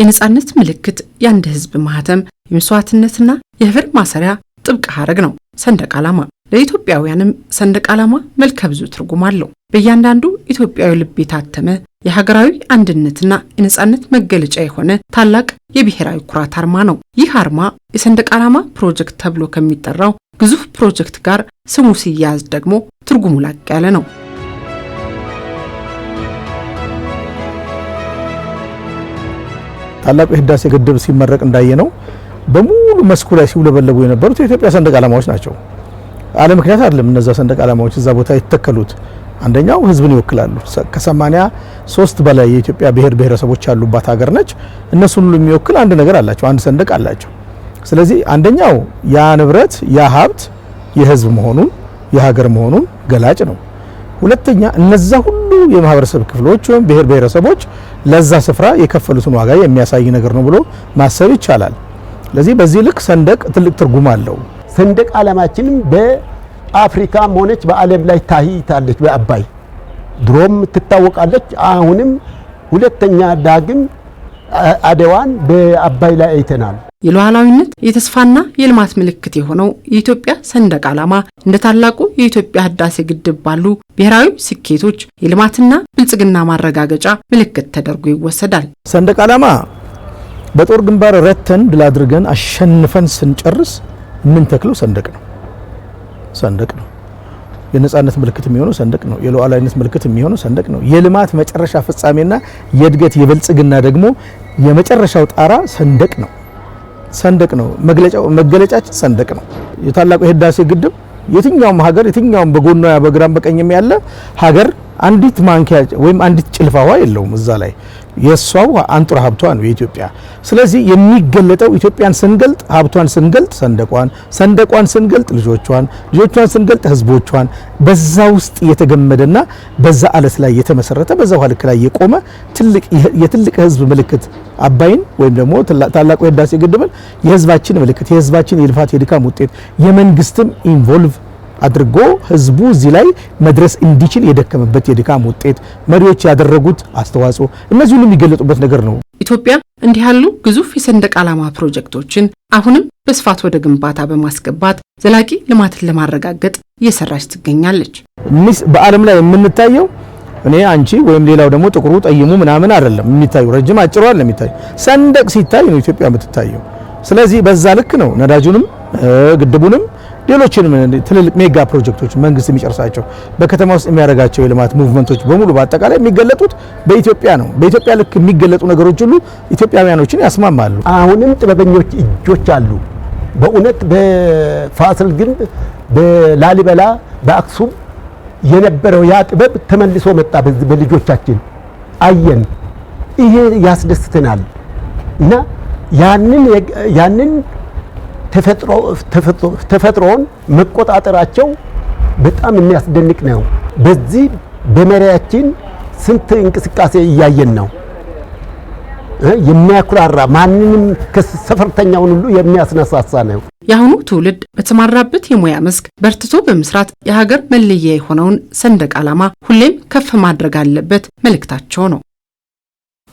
የነፃነት ምልክት የአንድ ህዝብ ማህተም፣ የመስዋዕትነትና የህብር ማሰሪያ ጥብቅ ሀረግ ነው ሰንደቅ ዓላማ። ለኢትዮጵያውያንም ሰንደቅ ዓላማ መልከ ብዙ ትርጉም አለው። በእያንዳንዱ ኢትዮጵያዊ ልብ የታተመ የሀገራዊ አንድነትና የነፃነት መገለጫ የሆነ ታላቅ የብሔራዊ ኩራት አርማ ነው። ይህ አርማ የሰንደቅ ዓላማ ፕሮጀክት ተብሎ ከሚጠራው ግዙፍ ፕሮጀክት ጋር ስሙ ሲያያዝ ደግሞ ትርጉሙ ላቅ ያለ ነው። ታላቁ የህዳሴ ግድብ ሲመረቅ እንዳየ ነው በሙሉ መስኩ ላይ ሲውለበለቡ የነበሩት የኢትዮጵያ ሰንደቅ ዓላማዎች ናቸው። አለ ምክንያት አይደለም። እነዛ ሰንደቅ ዓላማዎች እዛ ቦታ የተተከሉት አንደኛው ህዝብን ይወክላሉ። ከሰማኒያ ሶስት በላይ የኢትዮጵያ ብሔር ብሔረሰቦች ያሉባት ሀገር ነች። እነሱን ሁሉ የሚወክል አንድ ነገር አላቸው፣ አንድ ሰንደቅ አላቸው። ስለዚህ አንደኛው ያ ንብረት ያ ሀብት የህዝብ መሆኑን የሀገር መሆኑን ገላጭ ነው። ሁለተኛ እነዛ ሁሉ የማህበረሰብ ክፍሎች ወይም ብሔር ብሔረሰቦች ለዛ ስፍራ የከፈሉትን ዋጋ የሚያሳይ ነገር ነው ብሎ ማሰብ ይቻላል። ስለዚህ በዚህ ልክ ሰንደቅ ትልቅ ትርጉም አለው። ሰንደቅ ዓላማችንም በአፍሪካም ሆነች በዓለም ላይ ታይታለች። በአባይ ድሮም ትታወቃለች። አሁንም ሁለተኛ ዳግም አድዋን በአባይ ላይ አይተናል። የሉዓላዊነት የተስፋና የልማት ምልክት የሆነው የኢትዮጵያ ሰንደቅ ዓላማ እንደ ታላቁ የኢትዮጵያ ህዳሴ ግድብ ባሉ ብሔራዊ ስኬቶች የልማትና ብልጽግና ማረጋገጫ ምልክት ተደርጎ ይወሰዳል። ሰንደቅ ዓላማ በጦር ግንባር ረተን ድል አድርገን አሸንፈን ስንጨርስ የምንተክለው ሰንደቅ ነው። ሰንደቅ ነው የነጻነት ምልክት የሚሆነው ሰንደቅ ነው። የሉዓላዊነት ምልክት የሚሆነው ሰንደቅ ነው። የልማት መጨረሻ ፍጻሜና የእድገት የብልጽግና ደግሞ የመጨረሻው ጣራ ሰንደቅ ነው። ሰንደቅ ነው መግለጫው፣ መገለጫችን ሰንደቅ ነው። የታላቁ የህዳሴ ግድብ የትኛውም ሀገር የትኛውም በጎኗ በግራም በቀኝም ያለ ሀገር አንዲት ማንኪያ ወይም አንዲት ጭልፋ ውሃ የለውም እዛ ላይ የእሷው አንጡራ ሀብቷ ነው የኢትዮጵያ። ስለዚህ የሚገለጠው ኢትዮጵያን ስንገልጥ ሀብቷን ስንገልጥ ሰንደቋን፣ ሰንደቋን ስንገልጥ ልጆቿን፣ ልጆቿን ስንገልጥ ህዝቦቿን በዛ ውስጥ የተገመደና በዛ አለት ላይ የተመሰረተ በዛ ውሃ ልክ ላይ የቆመ የትልቅ ህዝብ ምልክት አባይን ወይም ደግሞ ታላቁ የህዳሴ ግድብን የህዝባችን ምልክት የህዝባችን የልፋት የድካም ውጤት የመንግስትም ኢንቮልቭ አድርጎ ህዝቡ እዚህ ላይ መድረስ እንዲችል የደከመበት የድካም ውጤት መሪዎች ያደረጉት አስተዋጽኦ እነዚህ ሁሉ የሚገለጡበት ነገር ነው። ኢትዮጵያ እንዲህ ያሉ ግዙፍ የሰንደቅ ዓላማ ፕሮጀክቶችን አሁንም በስፋት ወደ ግንባታ በማስገባት ዘላቂ ልማትን ለማረጋገጥ እየሰራች ትገኛለች። በዓለም ላይ የምንታየው እኔ አንቺ ወይም ሌላው ደግሞ ጥቁሩ ጠይሙ ምናምን አይደለም የሚታዩ ረጅም አጭሩ አይደለም የሚታዩ ሰንደቅ ሲታይ ነው ኢትዮጵያ የምትታየው። ስለዚህ በዛ ልክ ነው ነዳጁንም ግድቡንም ሌሎችንም ትልልቅ ሜጋ ፕሮጀክቶች መንግስት የሚጨርሳቸው በከተማ ውስጥ የሚያደርጋቸው የልማት ሙቭመንቶች በሙሉ በአጠቃላይ የሚገለጡት በኢትዮጵያ ነው። በኢትዮጵያ ልክ የሚገለጡ ነገሮች ሁሉ ኢትዮጵያውያኖችን ያስማማሉ። አሁንም ጥበበኞች እጆች አሉ። በእውነት በፋሲል ግንብ፣ በላሊበላ፣ በአክሱም የነበረው ያ ጥበብ ተመልሶ መጣ። በልጆቻችን አየን። ይሄ ያስደስተናል እና ያንን ያንን ተፈጥሮውን መቆጣጠራቸው በጣም የሚያስደንቅ ነው። በዚህ በመሪያችን ስንት እንቅስቃሴ እያየን ነው። የሚያኩራራ ማንንም ከሰፈርተኛውን ሁሉ የሚያስነሳሳ ነው። የአሁኑ ትውልድ በተማራበት የሙያ መስክ በርትቶ በመስራት የሀገር መለያ የሆነውን ሰንደቅ ዓላማ ሁሌም ከፍ ማድረግ አለበት መልእክታቸው ነው።